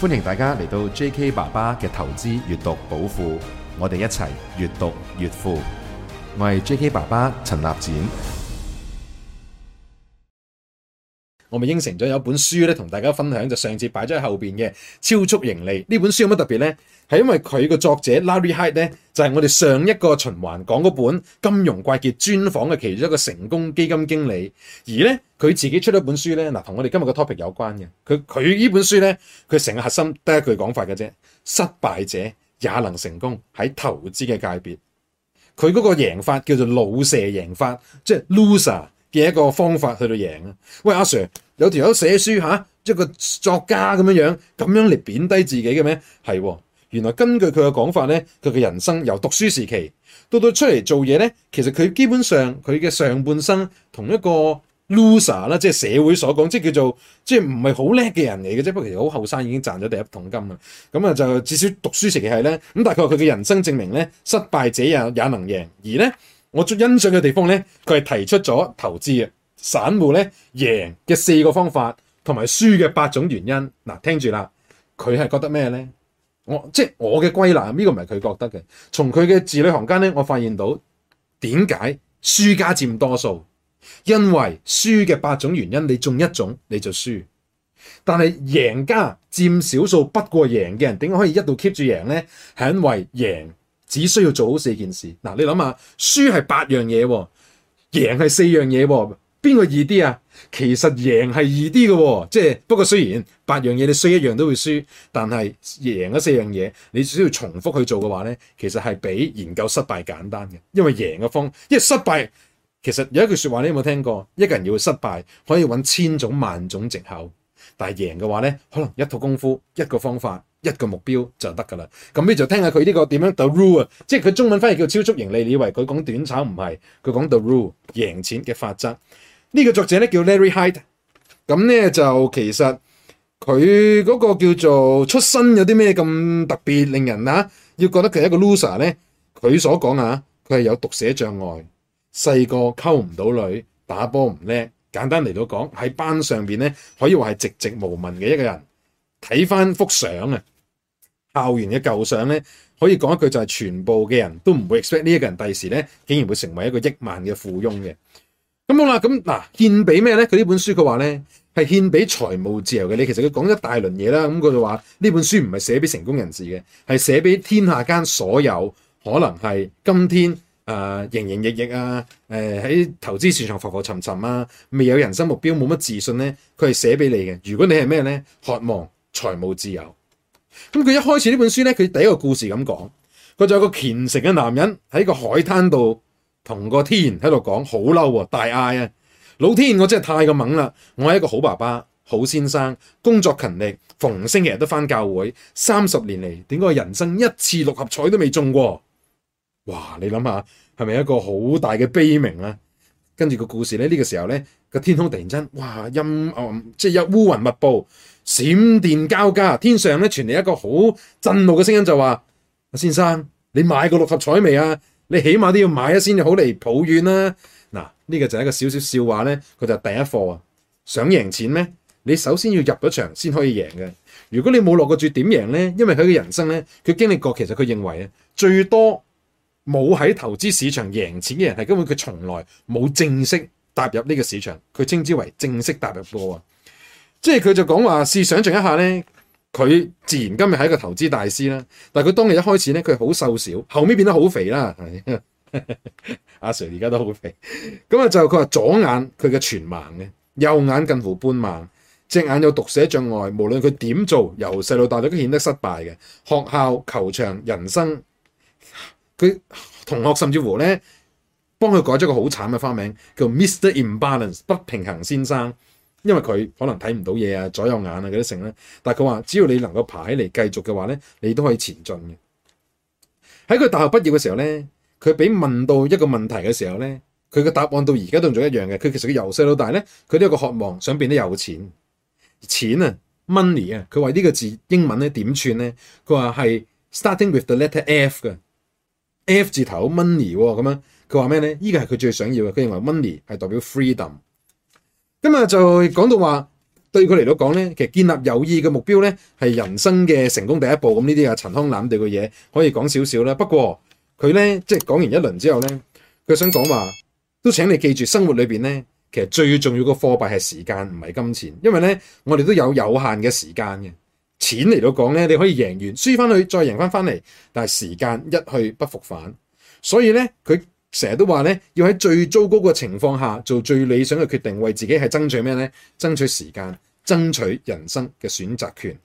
歡迎大家嚟到 J.K. 爸爸嘅投資閱讀寶庫，我哋一齊閱讀越富。我係 J.K. 爸爸陳立展。我咪應承咗有本書咧，同大家分享就上次擺咗喺後邊嘅超速盈利呢本書有乜特別呢？係因為佢個作者 Larry Hite 咧，就係我哋上一個循環講嗰本金融怪傑專訪嘅其中一個成功基金經理，而呢，佢自己出咗本書呢，嗱，同我哋今日個 topic 有關嘅。佢佢呢本書呢，佢成個核心得一句講法嘅啫，失敗者也能成功喺投資嘅界別。佢嗰個贏法叫做老舍贏法，即係 loser。嘅一個方法去到贏啊！喂，阿、啊、Sir 有條友寫書即、啊、一個作家咁樣樣，咁樣嚟貶低自己嘅咩？係喎、啊，原來根據佢嘅講法咧，佢嘅人生由讀書時期到到出嚟做嘢咧，其實佢基本上佢嘅上半生同一個 loser 啦，即係社會所講即係叫做即係唔係好叻嘅人嚟嘅啫。不過其實好後生已經賺咗第一桶金啦。咁啊就至少讀書時期係咧，咁大概佢嘅人生證明咧，失敗者也也能贏，而咧。我最欣賞嘅地方呢，佢係提出咗投資啊，散戶呢贏嘅四個方法同埋輸嘅八種原因。嗱，聽住啦，佢係覺得咩呢？我即係我嘅歸納，呢個唔係佢覺得嘅。從佢嘅字裏行間呢，我發現到點解輸家佔多數？因為輸嘅八種原因，你中一種你就輸。但係贏家佔少數，不過贏嘅人點解可以一度 keep 住贏呢？係因為贏。只需要做好四件事。嗱、啊，你諗下，輸係八樣嘢喎，贏係四樣嘢喎，邊個易啲啊？其實贏係易啲嘅喎，即、就、係、是、不過雖然八樣嘢你衰一樣都會輸，但係贏嗰四樣嘢，你只需要重複去做嘅話呢，其實係比研究失敗簡單嘅，因為贏嘅方，因為失敗其實有一句説話你有冇聽過？一個人要失敗，可以揾千種萬種藉口。但係贏嘅話咧，可能一套功夫、一個方法、一個目標就得噶啦。咁你就聽下佢呢個點樣 the rule 啊，即係佢中文翻譯叫超速盈利，你以為佢講短炒唔係。佢講 the rule 贏錢嘅法則。呢個作者咧叫 Larry Hite，咁咧就其實佢嗰個叫做出身有啲咩咁特別？令人啊要覺得佢係一個 loser 咧。佢所講啊，佢係有讀寫障礙，細個溝唔到女，打波唔叻。簡單嚟到講喺班上邊咧，可以話係籍籍無聞嘅一個人。睇翻幅相啊，校園嘅舊相咧，可以講一句就係全部嘅人都唔會 expect 呢一個人第時咧，竟然會成為一個億萬嘅富翁嘅咁、嗯、好啦。咁、嗯、嗱獻俾咩咧？佢呢本書佢話咧係獻俾財務自由嘅。你其實佢講咗一大輪嘢啦。咁、嗯、佢就話呢本書唔係寫俾成功人士嘅，係寫俾天下間所有可能係今天。誒，營營役役啊！誒、啊，喺、呃、投資市場浮浮沉沉啊！未有人生目標，冇乜自信咧，佢係寫俾你嘅。如果你係咩咧，渴望財務自由，咁、嗯、佢一開始呢本書咧，佢第一個故事咁講，佢就係個虔誠嘅男人喺個海灘度同個天喺度講，好嬲喎，大嗌啊！老天，我真係太過猛啦！我係一個好爸爸、好先生，工作勤力，逢星期日都返教會，三十年嚟點解人生一次六合彩都未中過？哇！你諗下，係咪一個好大嘅悲鳴啊？跟住個故事咧，呢個時候呢，個天空突然間，哇！陰哦、呃，即係有烏雲密布，閃電交加，天上咧傳嚟一個好震怒嘅聲音就話：先生，你買過六合彩未啊？你起碼都要買一先至好嚟抱怨啦、啊。嗱，呢個就係一個小小笑話呢，佢就係第一課啊，想贏錢咩？你首先要入咗場先可以贏嘅。如果你冇落過注，點贏呢？因為佢嘅人生呢，佢經歷過，其實佢認為啊，最多。冇喺投資市場贏錢嘅人係根本佢從來冇正式踏入呢個市場，佢稱之為正式踏入過啊！即係佢就講話，試想像一下呢，佢自然今日係一個投資大師啦。但係佢當日一開始呢，佢好瘦小，後尾變得好肥啦。阿、 啊、Sir 而家都好肥，咁 啊就佢話左眼佢嘅全盲嘅，右眼近乎半盲，隻眼有讀寫障礙，無論佢點做，由細到大都顯得失敗嘅。學校、球場、人生。佢同學甚至乎咧，幫佢改咗個好慘嘅花名叫 Mr. Imbalance，不平衡先生，因為佢可能睇唔到嘢啊，左右眼啊嗰啲成啦。但係佢話，只要你能夠爬起嚟繼續嘅話咧，你都可以前進嘅。喺佢大學畢業嘅時候咧，佢俾問到一個問題嘅時候咧，佢嘅答案到而家都仲一樣嘅。佢其實佢由細到大咧，佢都有個渴望想變得有錢。錢啊，money 啊，佢話呢個字英文咧點串咧？佢話係 starting with the letter F 嘅。F 字頭 money 咁、哦、樣，佢話咩呢？呢個係佢最想要嘅。佢認為 money 係代表 freedom。咁啊就講到話，對佢嚟到講呢，其實建立友誼嘅目標呢，係人生嘅成功第一步。咁呢啲啊陳腔濫調嘅嘢可以講少少啦。不過佢呢，即係講完一輪之後呢，佢想講話都請你記住，生活裏邊呢，其實最重要嘅貨幣係時間，唔係金錢。因為呢，我哋都有有限嘅時間嘅。錢嚟到講咧，你可以贏完輸翻去，再贏翻翻嚟，但係時間一去不復返，所以咧佢成日都話咧，要喺最糟糕嘅情況下做最理想嘅決定，為自己係爭取咩咧？爭取時間，爭取人生嘅選擇權。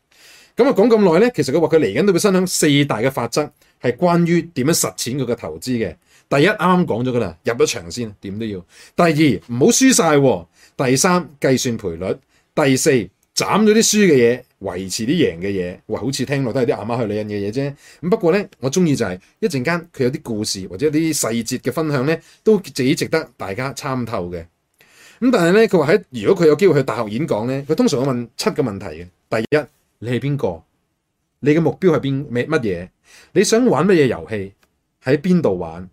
咁、嗯、啊，講咁耐咧，其實佢話佢嚟緊都會分享四大嘅法則，係關於點樣實踐佢嘅投資嘅。第一啱啱講咗噶啦，入咗場先，點都要。第二唔好輸晒。第三計算賠率。第四。斬咗啲輸嘅嘢，維持啲贏嘅嘢。哇，好似聽落都係啲阿媽去女人嘅嘢啫。咁不過呢，我中意就係一陣間佢有啲故事或者啲細節嘅分享呢，都幾值得大家參透嘅。咁但係呢，佢話喺如果佢有機會去大學演講呢，佢通常會問七個問題嘅。第一，你係邊個？你嘅目標係邊乜嘢？你想玩乜嘢遊戲？喺邊度玩？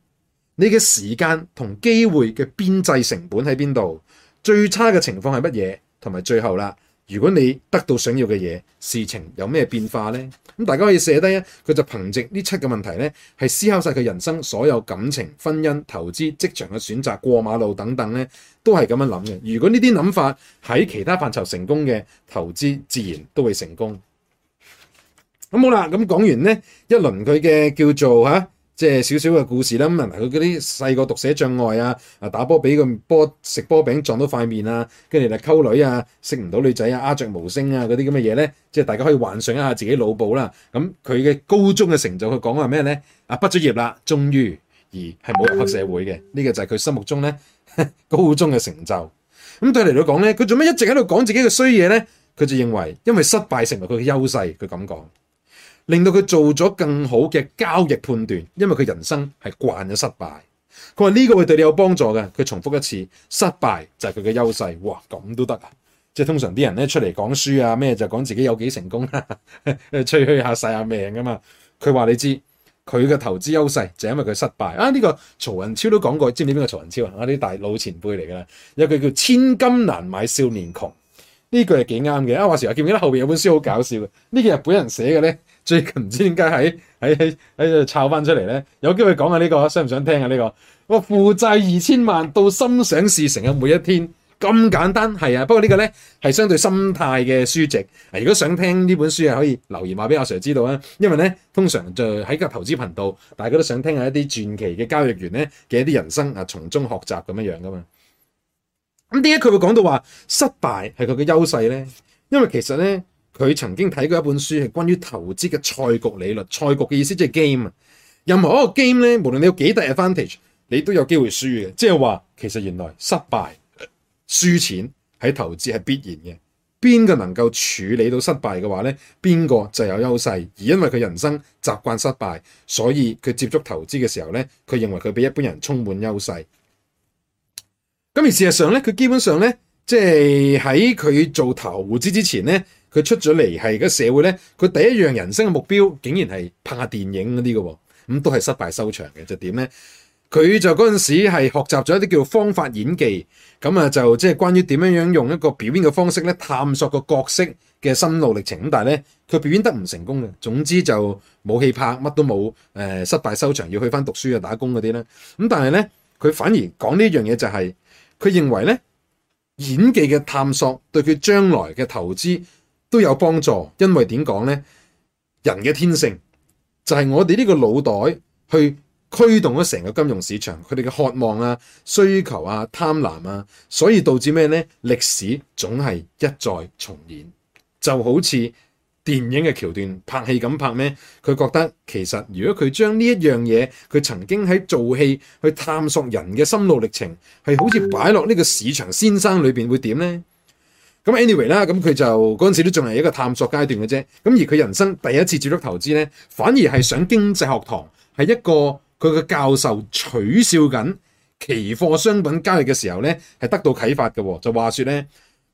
你嘅時間同機會嘅邊際成本喺邊度？最差嘅情況係乜嘢？同埋最後啦。如果你得到想要嘅嘢，事情有咩變化呢？咁大家可以寫低啊，佢就憑藉呢七個問題咧，係思考晒佢人生所有感情、婚姻、投資、職場嘅選擇、過馬路等等咧，都係咁樣諗嘅。如果呢啲諗法喺其他範疇成功嘅投資，自然都會成功。咁、嗯、好啦，咁講完呢，一輪佢嘅叫做嚇。即係少少嘅故事啦，咁人佢嗰啲細個讀寫障礙啊，啊打波俾個波食波餅撞到塊面啊，跟住嚟溝女啊，識唔到女仔啊，鴉雀無聲啊嗰啲咁嘅嘢咧，即係大家可以幻想一下自己腦部啦。咁佢嘅高中嘅成就，佢講話咩咧？啊，畢咗業啦，終於而係冇入黑社會嘅，呢、呢個就係佢心目中咧高中嘅成就。咁對嚟到講咧，佢做咩一直喺度講自己嘅衰嘢咧？佢就認為因為失敗成為佢嘅優勢，佢咁講。令到佢做咗更好嘅交易判斷，因為佢人生係慣咗失敗。佢話呢個會對你有幫助嘅。佢重複一次，失敗就係佢嘅優勢。哇，咁都得啊！即係通常啲人咧出嚟講書啊咩就講自己有幾成功啦，吹噓下晒下命噶嘛。佢話你知佢嘅投資優勢就因為佢失敗啊。呢個曹雲超都講過，知唔知邊個曹雲超啊？啲大老前輩嚟噶啦，有句叫千金難買少年窮，呢句係幾啱嘅。啊話時話記唔記得後邊有本書好搞笑嘅，呢個日本人寫嘅咧。最近唔知點解喺喺喺喺度抄翻出嚟咧，有機會講下呢個，想唔想聽啊、呢個？呢個我負債二千萬到心想事成嘅每一天咁簡單，係啊。不過個呢個咧係相對心態嘅書籍。如果想聽呢本書啊，可以留言話俾阿 Sir 知道啊。因為咧，通常就喺個投資頻道，大家都想聽下一啲傳奇嘅交易員咧嘅一啲人生啊，從中學習咁樣樣噶嘛。咁點解佢會講到話失敗係佢嘅優勢咧？因為其實咧。佢曾經睇過一本書，係關於投資嘅賽局理論。賽局嘅意思即係 game 啊。任何一個 game 咧，無論你有幾大 advantage，你都有機會輸嘅。即係話其實原來失敗、輸錢喺投資係必然嘅。邊個能夠處理到失敗嘅話咧，邊個就有優勢。而因為佢人生習慣失敗，所以佢接觸投資嘅時候咧，佢認為佢比一般人充滿優勢。咁而事實上咧，佢基本上咧，即係喺佢做投資之前咧。佢出咗嚟係個社會咧，佢第一樣人生嘅目標竟然係拍電影嗰啲嘅，咁都係失敗收場嘅。就點咧？佢就嗰陣時係學習咗一啲叫方法演技，咁啊就即係關於點樣樣用一個表演嘅方式咧探索個角色嘅心路歷程。咁但係咧，佢表演得唔成功嘅。總之就冇戲拍，乜都冇，誒、呃、失敗收場，要去返讀書啊、打工嗰啲啦。咁但係咧，佢反而講呢樣嘢就係、是、佢認為咧，演技嘅探索對佢將來嘅投資，都有幫助，因為點講呢？人嘅天性就係我哋呢個腦袋去驅動咗成個金融市場，佢哋嘅渴望啊、需求啊、貪婪啊，所以導致咩呢？歷史總係一再重演，就好似電影嘅橋段拍戲咁拍咩？佢覺得其實如果佢將呢一樣嘢，佢曾經喺做戲去探索人嘅心路歷程，係好似擺落呢個市場先生裏邊會點呢？咁 anyway 啦，咁佢就嗰陣時都仲係一個探索階段嘅啫。咁而佢人生第一次接觸投資咧，反而係上經濟學堂，係一個佢嘅教授取笑緊期貨商品交易嘅時候咧，係得到啟發嘅、哦。就話説咧，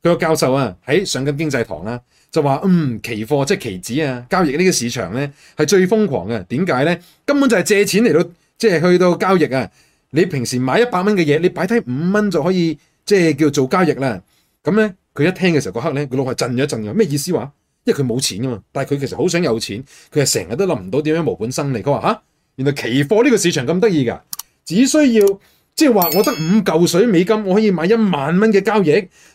佢個教授啊喺上緊經濟堂啦、啊，就話嗯期貨即係期指啊交易呢個市場咧係最瘋狂嘅。點解咧？根本就係借錢嚟到即係去到交易啊！你平時買一百蚊嘅嘢，你擺低五蚊就可以即係叫做做交易啦。咁咧？佢一聽嘅時候，嗰刻咧，佢腦係震咗一震了，話咩意思話、啊？因為佢冇錢噶嘛，但係佢其實好想有錢，佢係成日都諗唔到點樣無本生利。佢話嚇，原來期貨呢個市場咁得意㗎，只需要即係話我得五嚿水美金，我可以買一萬蚊嘅交易。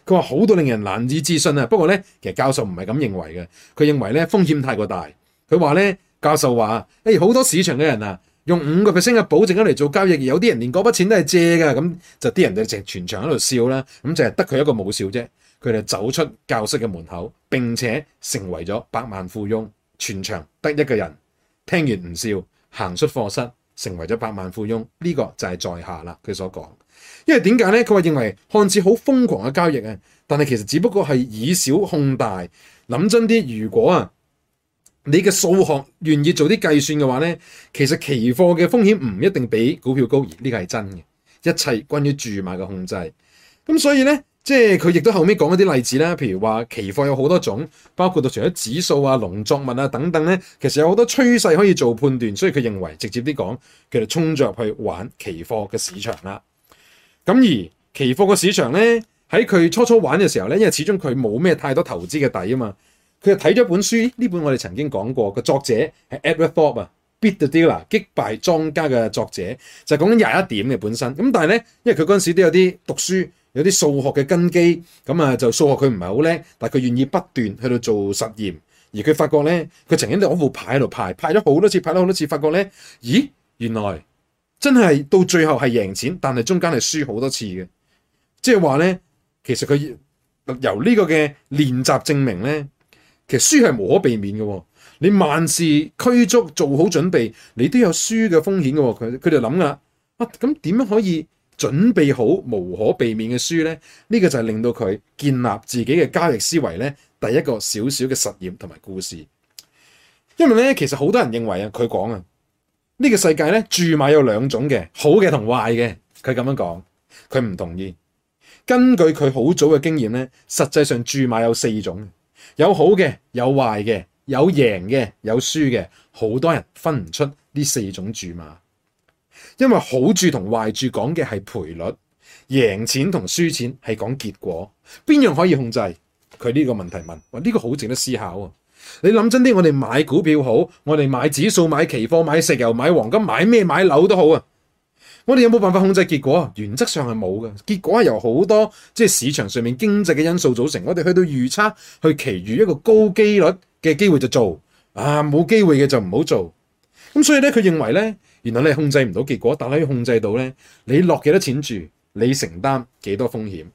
佢話好到令人難以置信啊！不過咧，其實教授唔係咁認為嘅，佢認為咧風險太過大。佢話咧，教授話誒好多市場嘅人啊，用五個 percent 嘅保證金嚟做交易，有啲人連嗰筆錢都係借㗎，咁就啲人就成全場喺度笑啦，咁就係得佢一個冇笑啫。佢哋走出教室嘅門口，並且成為咗百萬富翁。全場得一個人聽完唔笑，行出課室成為咗百萬富翁。呢、這個就係在下啦，佢所講。因為點解呢？佢話認為看似好瘋狂嘅交易啊，但係其實只不過係以小控大。諗真啲，如果啊你嘅數學願意做啲計算嘅話呢，其實期貨嘅風險唔一定比股票高，而呢個係真嘅。一切關於注碼嘅控制。咁所以呢。即係佢亦都後尾講一啲例子啦，譬如話期貨有好多種，包括到除咗指數啊、農作物啊等等咧，其實有好多趨勢可以做判斷，所以佢認為直接啲講，佢就衝着去玩期貨嘅市場啦。咁而期貨嘅市場咧，喺佢初初玩嘅時候咧，因為始終佢冇咩太多投資嘅底啊嘛，佢就睇咗本書，呢本我哋曾經講過，個作者係 Edward Thorp 啊，《Beat the Dealer》擊敗莊家嘅作者，就係講緊廿一點嘅本身。咁但係咧，因為佢嗰陣時都有啲讀書。有啲數學嘅根基，咁啊就數學佢唔係好叻，但係佢願意不斷去到做實驗，而佢發覺咧，佢曾經就攞副牌喺度排，排咗好多次，排咗好多次，發覺咧，咦，原來真係到最後係贏錢，但係中間係輸好多次嘅，即係話咧，其實佢由呢個嘅練習證明咧，其實輸係無可避免嘅喎、哦，你萬事俱足，做好準備，你都有輸嘅風險嘅喎，佢佢哋諗噶，啊咁點樣可以？準備好無可避免嘅輸呢，呢、這個就係令到佢建立自己嘅交易思維呢第一個小小嘅實驗同埋故事。因為呢，其實好多人認為啊，佢講啊，呢個世界呢，注碼有兩種嘅，好嘅同壞嘅。佢咁樣講，佢唔同意。根據佢好早嘅經驗呢，實際上注碼有四種，有好嘅，有壞嘅，有贏嘅，有輸嘅。好多人分唔出呢四種注碼。因為好處同壞處講嘅係賠率，贏錢同輸錢係講結果，邊樣可以控制？佢呢個問題問，喂，呢個好值得思考啊！你諗真啲，我哋買股票好，我哋買指數、買期貨、買石油、買黃金、買咩、買樓都好啊！我哋有冇辦法控制結果？原則上係冇嘅，結果係由好多即係市場上面經濟嘅因素組成。我哋去到預測，去其餘一個高機率嘅機會就做，啊，冇機會嘅就唔好做。咁所以咧，佢認為咧。原來你控制唔到結果，但係可以控制到咧，你落幾多錢住，你承擔幾多風險。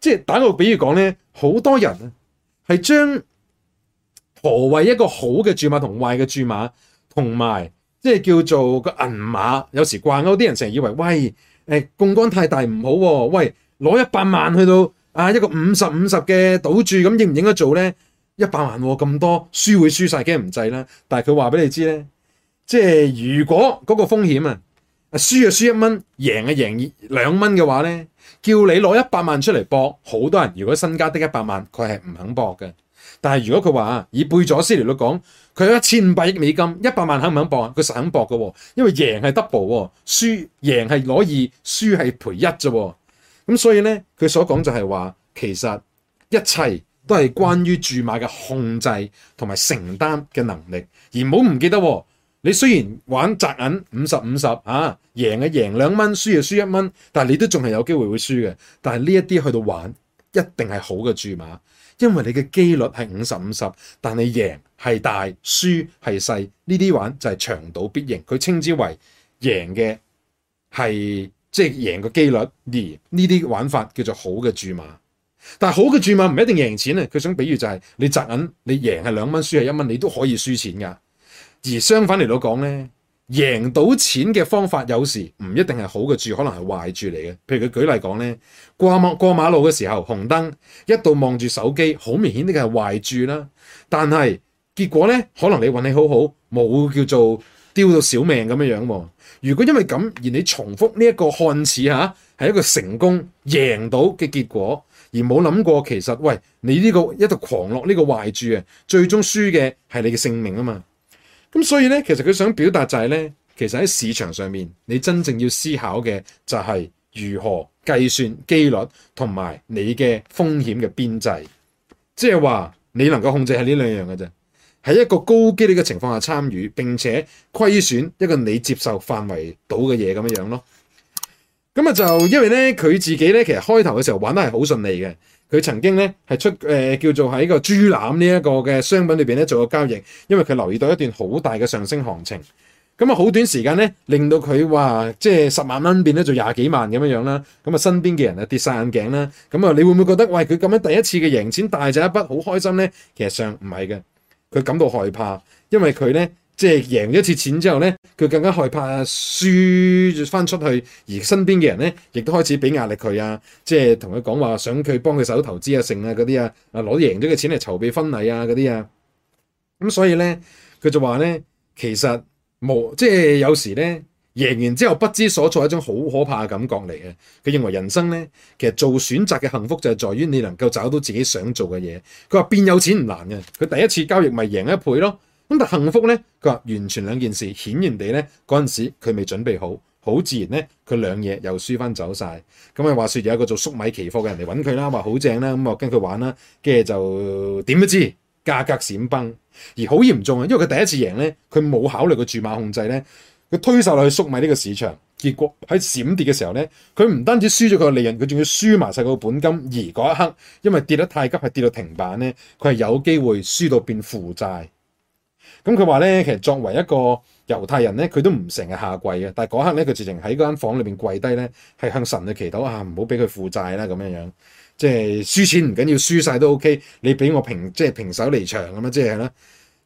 即係打個比喻講咧，好多人咧係將何謂一個好嘅注碼同壞嘅注碼，同埋即係叫做個銀碼。有時掛鈎啲人成日以為，喂，誒，槓、呃、杆太大唔好喎、啊。喂，攞一百萬去到啊一個五十五十嘅賭注咁，應唔應該做咧？一百萬咁、啊、多，輸會輸晒，驚唔制啦。但係佢話俾你知咧。即係如果嗰個風險啊，輸啊輸一蚊，贏啊贏兩蚊嘅話咧，叫你攞一百萬出嚟博，好多人如果身家得一百萬，佢係唔肯博嘅。但係如果佢話以貝佐斯嚟講，佢有一千五百億美金，一百萬肯唔肯博啊？佢實肯博嘅，因為贏係 double，輸贏係攞二，輸係賠一啫。咁所以咧，佢所講就係話，其實一切都係關於注碼嘅控制同埋承擔嘅能力，而唔好唔記得。你雖然玩擲銀五十五十嚇，贏嘅贏兩蚊，輸嘅輸一蚊，但係你都仲係有機會會輸嘅。但係呢一啲去到玩一定係好嘅注碼，因為你嘅機率係五十五十，但係贏係大，輸係細。呢啲玩就係長賭必贏，佢稱之為贏嘅係即係贏個機率。而呢啲玩法叫做好嘅注碼。但係好嘅注碼唔一定贏錢啊！佢想比喻就係，你擲銀，你贏係兩蚊，輸係一蚊，你都可以輸錢㗎。而相反嚟到講咧，贏到錢嘅方法有時唔一定係好嘅注，可能係壞注嚟嘅。譬如佢舉例講咧，掛望過馬路嘅時候紅燈，一度望住手機，好明顯呢個係壞注啦。但係結果咧，可能你運氣好好，冇叫做丟到小命咁樣樣喎。如果因為咁而你重複呢一個看似吓係、啊、一個成功贏到嘅結果，而冇諗過其實喂，你呢、這個一度狂落呢個壞注啊，最終輸嘅係你嘅性命啊嘛～咁所以咧，其實佢想表達就係咧，其實喺市場上面，你真正要思考嘅就係如何計算機率同埋你嘅風險嘅邊際，即係話你能夠控制係呢兩樣嘅啫。喺一個高機率嘅情況下參與並且虧損一個你接受範圍到嘅嘢咁樣樣咯。咁啊就因為咧佢自己咧，其實開頭嘅時候玩得係好順利嘅。佢曾經咧係出誒、呃、叫做喺個豬腩呢一個嘅商品裏邊咧做個交易，因為佢留意到一段好大嘅上升行情，咁啊好短時間咧令到佢話即係十萬蚊變咧做廿幾萬咁樣樣啦。咁啊身邊嘅人啊跌晒眼鏡啦，咁啊你會唔會覺得喂，佢咁樣第一次嘅贏錢大咗一筆好開心咧？其實上唔係嘅，佢感到害怕，因為佢咧。即係贏咗一次錢之後咧，佢更加害怕輸翻出去，而身邊嘅人咧，亦都開始俾壓力佢啊！即係同佢講話，想佢幫佢手投資啊、剩啊嗰啲啊，啊攞啲贏咗嘅錢嚟籌備婚禮啊嗰啲啊。咁所以咧，佢就話咧，其實冇即係有時咧，贏完之後不知所措係一種好可怕嘅感覺嚟嘅。佢認為人生咧，其實做選擇嘅幸福就係在於你能夠找到自己想做嘅嘢。佢話變有錢唔難嘅，佢第一次交易咪贏一倍咯。咁但幸福咧，佢話完全兩件事，顯然地咧，嗰陣時佢未準備好，好自然咧，佢兩嘢又輸翻走晒。咁啊話説有一個做粟米期貨嘅人嚟揾佢啦，話好正啦，咁、嗯、啊跟佢玩啦，跟住就點都知價格閃崩，而好嚴重啊，因為佢第一次贏咧，佢冇考慮過注碼控制咧，佢推售落去粟米呢個市場，結果喺閃跌嘅時候咧，佢唔單止輸咗佢嘅利潤，佢仲要輸埋晒個本金。而嗰一刻因為跌得太急，係跌到停板咧，佢係有機會輸到變負債。咁佢話咧，其實作為一個猶太人咧，佢都唔成日下跪嘅。但係嗰刻咧，佢直情喺嗰間房裏邊跪低咧，係向神去祈禱啊，唔好俾佢負債啦咁樣樣。即係輸錢唔緊要，輸晒都 OK。你俾我平，即係平手離場咁啊，即係啦。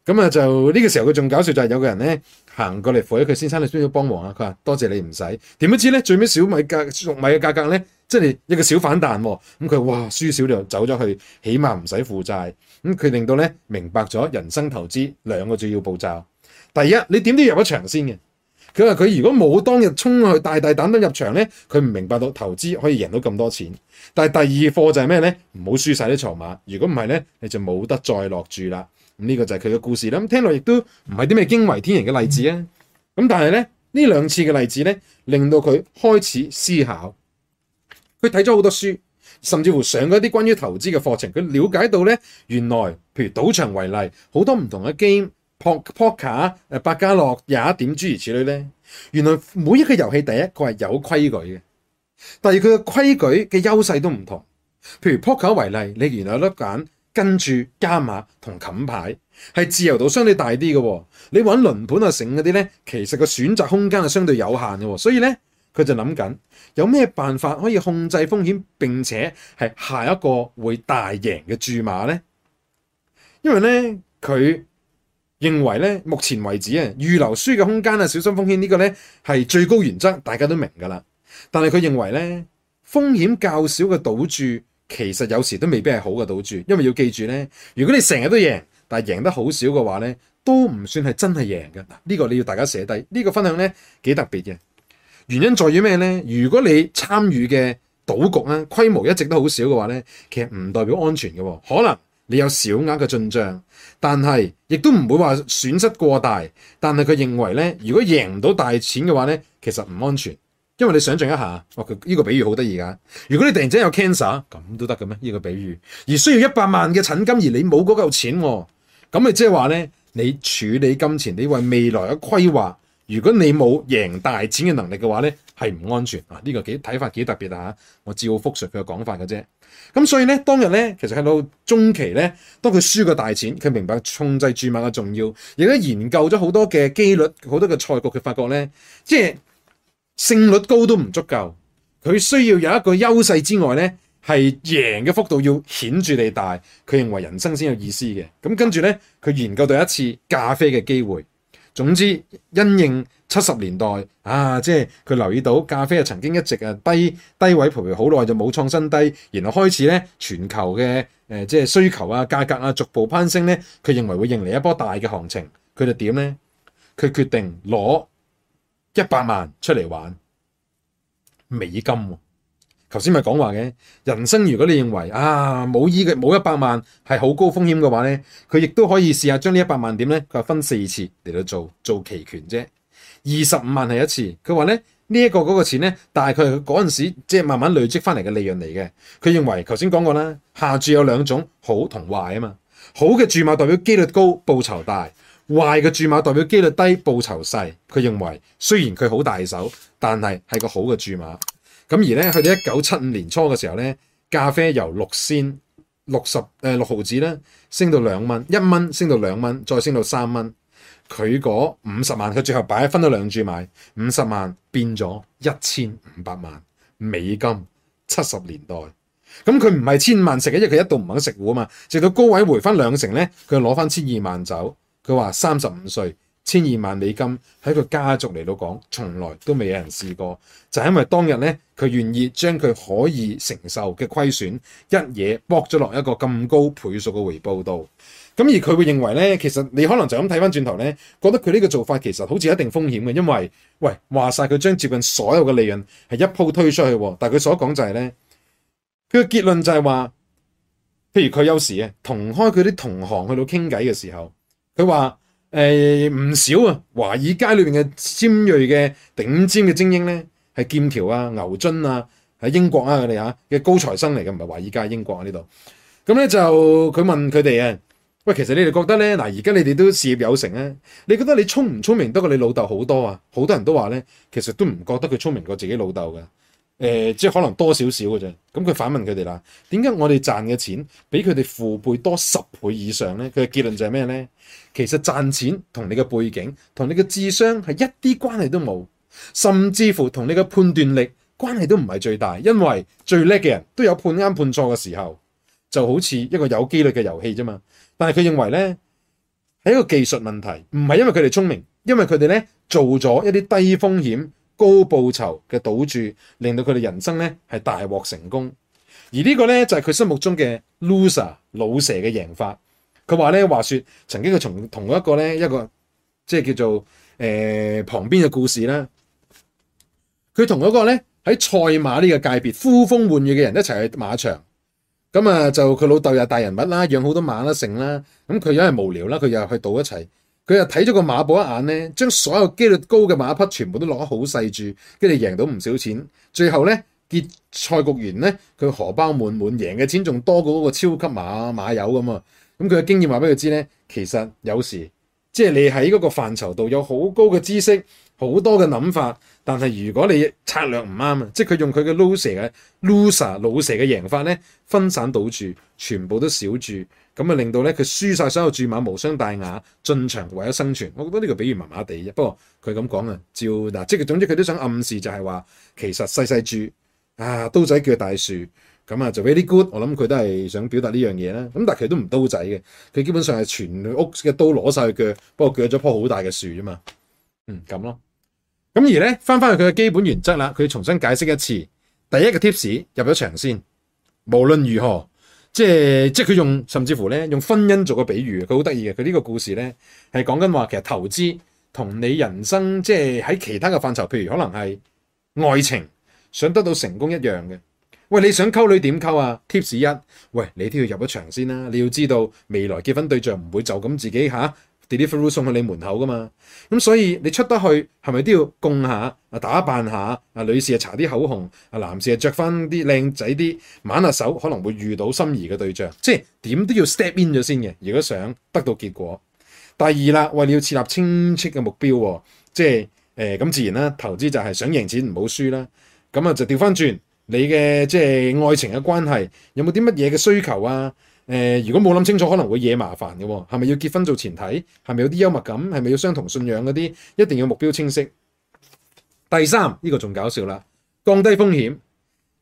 咁啊，就呢個時候佢仲搞笑就係有個人咧行過嚟扶起佢，先生，你需要幫忙啊？佢話多謝你唔使。點不知咧，最尾小米價玉米嘅價格咧，即係一個小反彈喎。咁佢哇，輸少量走咗去，起碼唔使負債。咁佢、嗯、令到咧，明白咗人生投資兩個主要步驟。第一，你點都要入一場先嘅。佢話佢如果冇當日衝去大大膽膽入場咧，佢唔明白到投資可以贏到咁多錢。但係第二課就係咩咧？唔好輸晒啲籌碼。如果唔係咧，你就冇得再落注啦。咁、嗯、呢、這個就係佢嘅故事啦。咁、嗯、聽落亦都唔係啲咩驚為天人嘅例子啊。咁、嗯、但係咧，呢兩次嘅例子咧，令到佢開始思考。佢睇咗好多書。甚至乎上嗰啲關於投資嘅課程，佢了解到咧，原來譬如賭場為例，好多唔同嘅 game，poker、誒，百家樂、廿一點諸如此類咧。原來每一個遊戲第一個係有規矩嘅，第二佢嘅規矩嘅優勢都唔同。譬如 poker 為例，你原來有粒揀，跟住加碼同冚牌，係自由度相對大啲嘅。你玩輪盤啊、成嗰啲咧，其實個選擇空間係相對有限嘅，所以咧。佢就諗緊有咩辦法可以控制風險，並且係下一個會大贏嘅注碼呢？因為咧佢認為咧，目前為止啊，預留輸嘅空間啊，小心風險、這個、呢個咧係最高原則，大家都明噶啦。但係佢認為咧，風險較少嘅賭注，其實有時都未必係好嘅賭注，因為要記住咧，如果你成日都贏，但係贏得好少嘅話咧，都唔算係真係贏嘅。呢、這個你要大家寫低，呢、這個分享咧幾特別嘅。原因在於咩呢？如果你參與嘅賭局咧，規模一直都好少嘅話呢，其實唔代表安全嘅。可能你有小額嘅進賬，但係亦都唔會話損失過大。但係佢認為呢，如果贏唔到大錢嘅話呢，其實唔安全。因為你想像一下，哇！佢呢個比喻好得意㗎。如果你突然之間有 cancer 咁都得嘅咩？呢個比喻而需要一百萬嘅診金，而你冇嗰嚿錢哦，咁咪即係話呢，你處理金錢，你為未來嘅規劃。如果你冇贏大錢嘅能力嘅話咧，係唔安全啊！呢個幾睇法幾特別啊！我只好複述佢嘅講法嘅啫。咁所以咧，當日咧，其實喺到中期咧，當佢輸過大錢，佢明白控制注碼嘅重要，亦都研究咗好多嘅機率，好多嘅賽局，佢發覺咧，即係勝率高都唔足夠，佢需要有一個優勢之外咧，係贏嘅幅度要顯著地大。佢認為人生先有意思嘅。咁跟住咧，佢研究到一次咖啡嘅機會。總之，因應七十年代啊，即係佢留意到咖啡啊曾經一直啊低低位徘徊好耐就冇創新低，然後開始咧全球嘅誒、呃、即係需求啊價格啊逐步攀升咧，佢認為會迎嚟一波大嘅行情，佢就點咧？佢決定攞一百萬出嚟玩美金啊。頭先咪講話嘅人生，如果你認為啊冇依嘅冇一百萬係好高風險嘅話咧，佢亦都可以試下將呢一百萬點咧，佢話分四次嚟到做做期權啫。二十五萬係一次，佢話咧呢一個嗰個錢咧，大概係佢嗰陣時即係慢慢累積翻嚟嘅利潤嚟嘅。佢認為頭先講過啦，下注有兩種好同壞啊嘛。好嘅注碼代表機率高、報酬大；壞嘅注碼代表機率低、報酬細。佢認為雖然佢好大手，但係係個好嘅注碼。咁而咧，去到一九七五年初嘅時候咧，咖啡由六仙六十誒、呃、六毫子咧，升到兩蚊，一蚊升到兩蚊，再升到三蚊。佢嗰五十萬，佢最後擺分咗兩注買，五十萬變咗一千五百萬美金。七十年代，咁佢唔係千萬食嘅，因為佢一度唔肯食糊啊嘛。直到高位回翻兩成咧，佢攞翻千二萬走，佢話三十五歲。千二萬美金喺佢家族嚟到講，從來都未有人試過，就係因為當日呢，佢願意將佢可以承受嘅虧損一嘢搏咗落一個咁高倍數嘅回報度。咁而佢會認為呢，其實你可能就咁睇返轉頭呢，覺得佢呢個做法其實好似一定風險嘅，因為喂話晒佢將接近所有嘅利潤係一鋪推出去，但係佢所講就係呢，佢嘅結論就係話，譬如佢有時啊，同開佢啲同行去到傾偈嘅時候，佢話。誒唔少啊，華爾街裏邊嘅尖鋭嘅頂尖嘅精英咧，係劍橋啊、牛津啊、喺英國啊，佢哋嚇嘅高材生嚟嘅，唔係華爾街，英國啊呢度。咁咧、嗯、就佢問佢哋啊，喂，其實你哋覺得咧，嗱而家你哋都事業有成啊，你覺得你聰唔聰明得過你老豆好多啊，好多人都話咧，其實都唔覺得佢聰明過自己老豆嘅。誒、呃，即係可能多少少嘅啫。咁佢反問佢哋啦，點解我哋賺嘅錢比佢哋父輩多十倍以上咧？佢嘅結論就係咩咧？其實賺錢同你嘅背景、同你嘅智商係一啲關係都冇，甚至乎同你嘅判斷力關係都唔係最大，因為最叻嘅人都有判啱判錯嘅時候，就好似一個有機率嘅遊戲啫嘛。但係佢認為呢係一個技術問題，唔係因為佢哋聰明，因為佢哋呢做咗一啲低風險高報酬嘅賭注，令到佢哋人生呢係大獲成功。而呢個呢，就係佢心目中嘅 loser 老蛇嘅贏法。佢話咧話説，曾經佢同同一個咧一個，即係叫做誒、呃、旁邊嘅故事啦。佢同嗰個咧喺賽馬呢個界別呼風喚雨嘅人一齊去馬場，咁啊就佢老豆又大人物啦，養好多馬啦、啊、成啦。咁佢因為無聊啦，佢又去賭一齊，佢又睇咗個馬報一眼咧，將所有機率高嘅馬匹全部都攞得好細注，跟住贏到唔少錢。最後咧結賽局完咧，佢荷包滿滿，贏嘅錢仲多過嗰個超級馬馬友咁啊！咁佢嘅經驗話俾佢知咧，其實有時即係你喺嗰個範疇度有好高嘅知識、好多嘅諗法，但係如果你策略唔啱啊，即係佢用佢嘅 loser 嘅 loser 老蛇嘅贏法咧，分散賭注，全部都少注，咁啊令到咧佢輸晒所有注碼，無傷大雅，進場為咗生存，我覺得呢個比喻麻麻地啫。不過佢咁講啊，照嗱即係總之佢都想暗示就係話，其實細細注啊刀仔鋸大樹。咁啊，就 very good，我諗佢都係想表達呢樣嘢啦。咁但係其實都唔刀仔嘅，佢基本上係全屋嘅刀攞晒佢，不過鋸咗棵好大嘅樹啫嘛。嗯，咁咯。咁而咧，翻翻去佢嘅基本原則啦，佢重新解釋一次。第一個 tips 入咗場先，無論如何，即係即係佢用甚至乎咧用婚姻做個比喻，佢好得意嘅。佢呢個故事咧係講緊話，其實投資同你人生即係喺其他嘅範疇，譬如可能係愛情，想得到成功一樣嘅。喂，你想溝女點溝啊？Tips 一，喂，你都要入咗場先啦。你要知道未來結婚對象唔會就咁自己吓 deliver 送去你門口噶嘛。咁所以你出得去係咪都要供下啊？打扮下啊，女士啊搽啲口紅，啊男士啊著翻啲靚仔啲，猛下手可能會遇到心儀嘅對象。即係點都要 step in 咗先嘅，如果想得到結果。第二啦，為你要設立清晰嘅目標，即係誒，咁自然啦，投資就係想贏錢唔好輸啦。咁啊就調翻轉。你嘅即係愛情嘅關係，有冇啲乜嘢嘅需求啊？誒、呃，如果冇諗清楚，可能會惹麻煩嘅喎、哦。係咪要結婚做前提？係咪有啲幽默感？係咪要相同信仰嗰啲？一定要目標清晰。第三呢、呢個仲搞笑啦，降低風險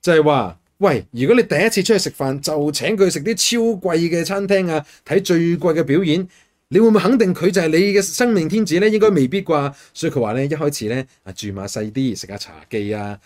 就係、是、話，喂，如果你第一次出去食飯，就請佢食啲超貴嘅餐廳啊，睇最貴嘅表演，你會唔會肯定佢就係你嘅生命天子呢？應該未必啩。所以佢話呢一開始呢，馬啊，注碼細啲，食下茶記啊。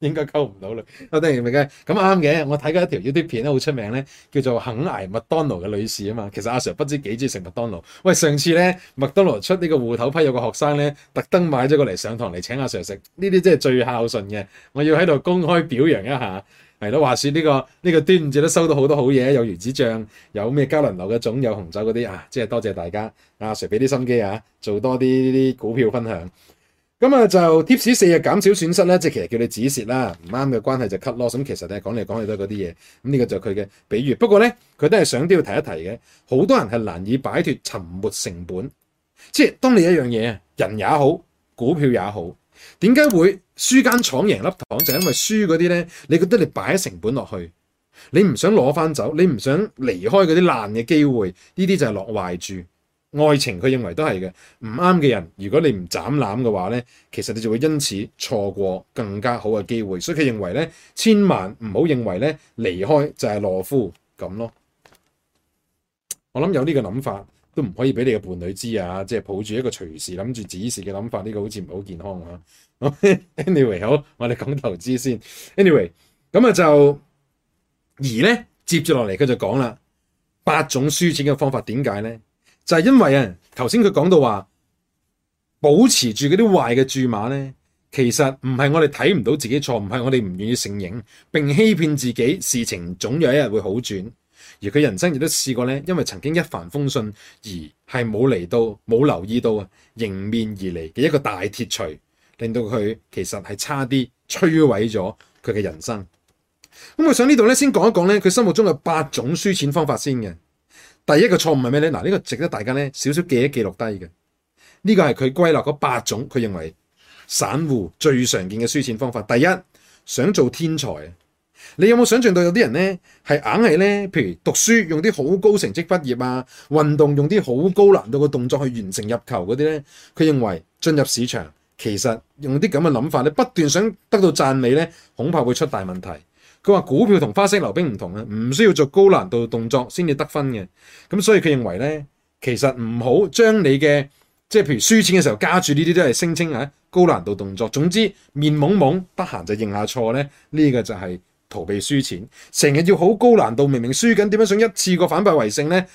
應該溝唔到啦，我哋明嘅，咁啱嘅。我睇過一條 YouTube 片咧，好出名咧，叫做肯挨麥當勞嘅女士啊嘛。其實阿 Sir 不知幾中意食麥當勞。喂，上次咧麥當勞出呢個芋頭批，有個學生咧特登買咗過嚟上堂嚟請阿 Sir 食。呢啲真係最孝順嘅，我要喺度公開表揚一下。係咯，話說呢、這個呢、這個端午節都收到好多好嘢，有魚子醬，有咩嘉麟樓嘅粽，有紅酒嗰啲啊，即係多謝大家。阿、啊、Sir 俾啲心機啊，做多啲呢啲股票分享。咁啊就 tips 四日減少損失咧，即係其實叫你止蝕啦，唔啱嘅關係就 cut 咯。咁其實咧講嚟講去都係嗰啲嘢，咁、這、呢個就係佢嘅比喻。不過咧，佢都係想都要提一提嘅。好多人係難以擺脫沉沒成本，即係當你一樣嘢人也好，股票也好，點解會輸間廠贏粒糖？就係、因為輸嗰啲咧，你覺得你擺成本落去，你唔想攞翻走，你唔想離開嗰啲爛嘅機會，呢啲就係落壞住。愛情佢認為都係嘅，唔啱嘅人，如果你唔斬纜嘅話咧，其實你就會因此錯過更加好嘅機會。所以佢認為咧，千萬唔好認為咧離開就係懦夫咁咯。我諗有呢個諗法都唔可以俾你嘅伴侶知啊，即係抱住一個隨時諗住止蝕嘅諗法，呢個好似唔好健康啊。 Anyway，好，我哋講投資先。Anyway，咁啊就而咧接住落嚟佢就講啦，八種輸錢嘅方法點解咧？就係因為啊，頭先佢講到話保持住嗰啲壞嘅注碼咧，其實唔係我哋睇唔到自己錯，唔係我哋唔願意承認並欺騙自己，事情總有一日會好轉。而佢人生亦都試過咧，因為曾經一帆風順而係冇嚟到冇留意到啊，迎面而嚟嘅一個大鐵錘，令到佢其實係差啲摧毀咗佢嘅人生。咁、嗯、我想呢度咧，先講一講咧，佢心目中嘅八種輸錢方法先嘅。第一個錯誤係咩呢？嗱，呢個值得大家呢少少記一記錄低嘅。呢個係佢歸納嗰八種佢認為散戶最常見嘅輸錢方法。第一，想做天才。你有冇想象到有啲人呢係硬係呢？譬如讀書用啲好高成績畢業啊，運動用啲好高難度嘅動作去完成入球嗰啲呢？佢認為進入市場其實用啲咁嘅諗法，你不斷想得到讚美呢，恐怕會出大問題。佢話股票同花式溜冰唔同啊，唔需要做高難度動作先至得分嘅。咁所以佢認為咧，其實唔好將你嘅即係譬如輸錢嘅時候加住呢啲都係聲稱啊高難度動作。總之面懵懵，得閒就認下錯咧，呢、呢個就係逃避輸錢。成日要好高難度，明明輸緊，點樣想一次過反敗為勝咧？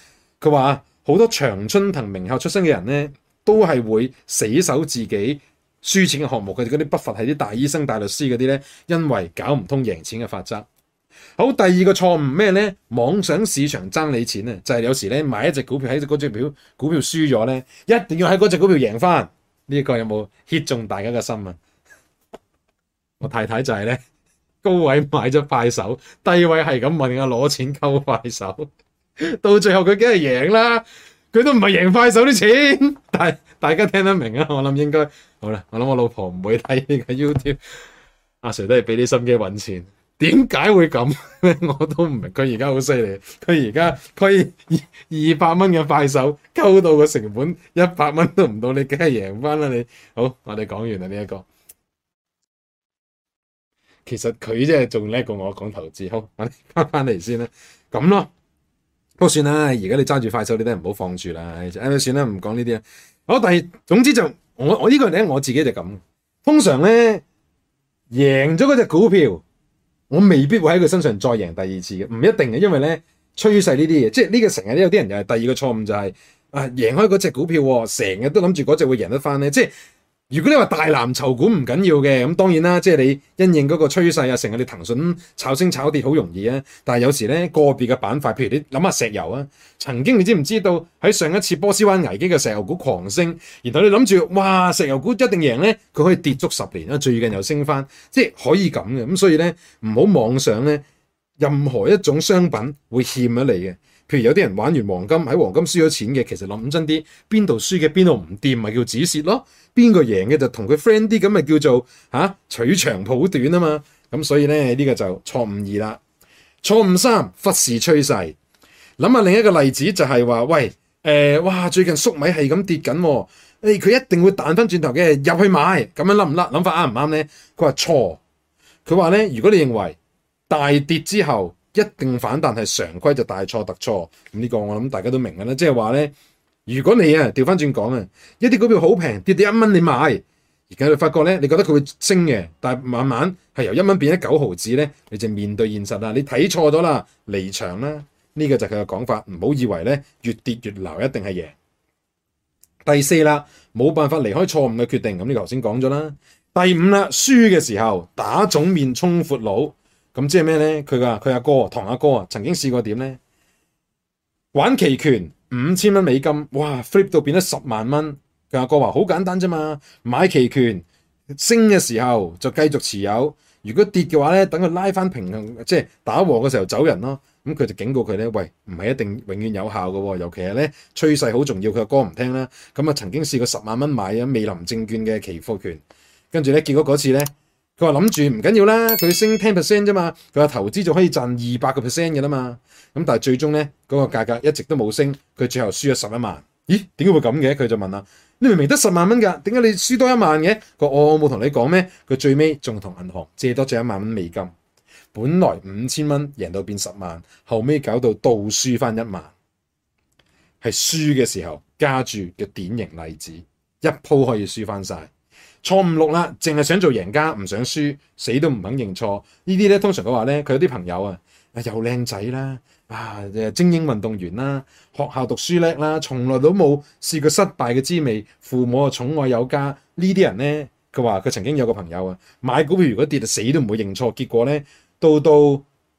佢話好多長春藤名校出身嘅人咧，都係會死守自己輸錢嘅項目，佢哋嗰啲不乏係啲大醫生、大律師嗰啲咧，因為搞唔通贏錢嘅法則。好，第二個錯誤咩咧？妄想市場爭你錢啊！就係、是、有時咧買一隻股票喺隻嗰隻表股票輸咗咧，一定要喺嗰隻股票贏翻。呢、這個有冇 hit 中大家嘅心啊？ 我太太就係咧高位買咗快手，低位係咁問阿、啊、攞錢溝快手，到最後佢梗係贏啦。佢都唔係贏快手啲錢，但大家聽得明啊？我諗應該好啦。我諗我老婆唔會睇呢個 YouTube，阿、啊、Sir 都係俾啲心機搵錢，點解會咁 我都唔明。佢而家好犀利，佢而家佢二百蚊嘅快手，溝到個成本一百蚊都唔到，你梗係贏翻啦！你好，我哋講完啦呢一個。其實佢真係仲叻過我講投資，好，我哋翻翻嚟先啦，咁咯。不過算啦，而家你揸住快手你都唔好放住啦，咁算啦，唔講呢啲啊。好，但係總之就我我呢個人咧，我自己就咁。通常咧贏咗嗰隻股票，我未必會喺佢身上再贏第二次嘅，唔一定嘅，因為咧趨勢呢啲嘢，即係呢、這個成日都有啲人又係第二個錯誤就係、是、啊贏開嗰隻股票，成日都諗住嗰隻會贏得翻咧，即係。如果你話大藍籌股唔緊要嘅，咁當然啦，即係你因應嗰個趨勢啊，成日你騰訊炒升炒跌好容易啊。但係有時咧個別嘅板塊，譬如你諗下石油啊，曾經你知唔知道喺上一次波斯灣危機嘅石油股狂升，然後你諗住哇石油股一定贏咧，佢可以跌足十年啦，最近又升返，即係可以咁嘅。咁所以咧唔好妄想咧任何一種商品會欠咗你嘅。譬如有啲人玩完黃金喺黃金輸咗錢嘅，其實諗真啲，邊度輸嘅邊度唔掂咪叫止蝕咯，邊個贏嘅就同佢 friend 啲咁咪叫做嚇、啊、取長抱短啊嘛，咁所以咧呢、這個就錯誤二啦。錯誤三忽視趨勢，諗下另一個例子就係話喂誒、呃、哇最近粟米係咁跌緊、啊，誒、哎、佢一定會彈翻轉頭嘅入去買，咁樣啱唔啱？諗法啱唔啱咧？佢話錯，佢話咧如果你認為大跌之後，一定反彈係常規就大錯特錯，咁呢個我諗大家都明嘅啦，即係話呢，如果你啊調翻轉講啊，一啲股票好平跌跌一蚊你買，而家你發覺呢，你覺得佢會升嘅，但係慢慢係由一蚊變咗九毫子呢，你就面對現實啦，你睇錯咗啦，離場啦，呢個就係佢嘅講法，唔好以為呢越跌越流一定係贏。第四啦，冇辦法離開錯誤嘅決定，咁你頭先講咗啦。第五啦，輸嘅時候打腫面充闊佬。咁即係咩咧？佢話佢阿哥堂阿哥啊，曾經試過點咧？玩期權五千蚊美金，哇，flip 到變咗十萬蚊。佢阿哥話好簡單啫嘛，買期權升嘅時候就繼續持有，如果跌嘅話咧，等佢拉翻平衡，即係打和嘅時候走人咯。咁佢就警告佢咧，喂，唔係一定永遠有效嘅，尤其係咧趨勢好重要。佢阿哥唔聽啦，咁啊曾經試過十萬蚊買咗美林證券嘅期貨權，跟住咧結果嗰次咧。佢話諗住唔緊要啦，佢升 ten percent 啫嘛，佢話投資就可以賺二百個 percent 嘅啦嘛。咁但係最終呢，嗰、嗰個價格一直都冇升，佢最後輸咗十一萬。咦？點解會咁嘅？佢就問啦，你明明得十萬蚊噶，點解你輸多一萬嘅？佢、哦、我冇同你講咩？佢最尾仲同銀行借多借一萬蚊美金，本來五千蚊贏到變十萬，後尾搞到倒輸翻一萬，係輸嘅時候加注嘅典型例子，一鋪可以輸翻晒。錯誤六啦，淨係想做贏家，唔想輸，死都唔肯認錯。呢啲咧，通常佢話咧，佢有啲朋友啊，又靚仔啦，啊精英運動員啦，學校讀書叻啦，從來都冇試過失敗嘅滋味，父母啊寵愛有加。呢啲人咧，佢話佢曾經有個朋友啊，買股票如果跌就死都唔會認錯。結果咧，到到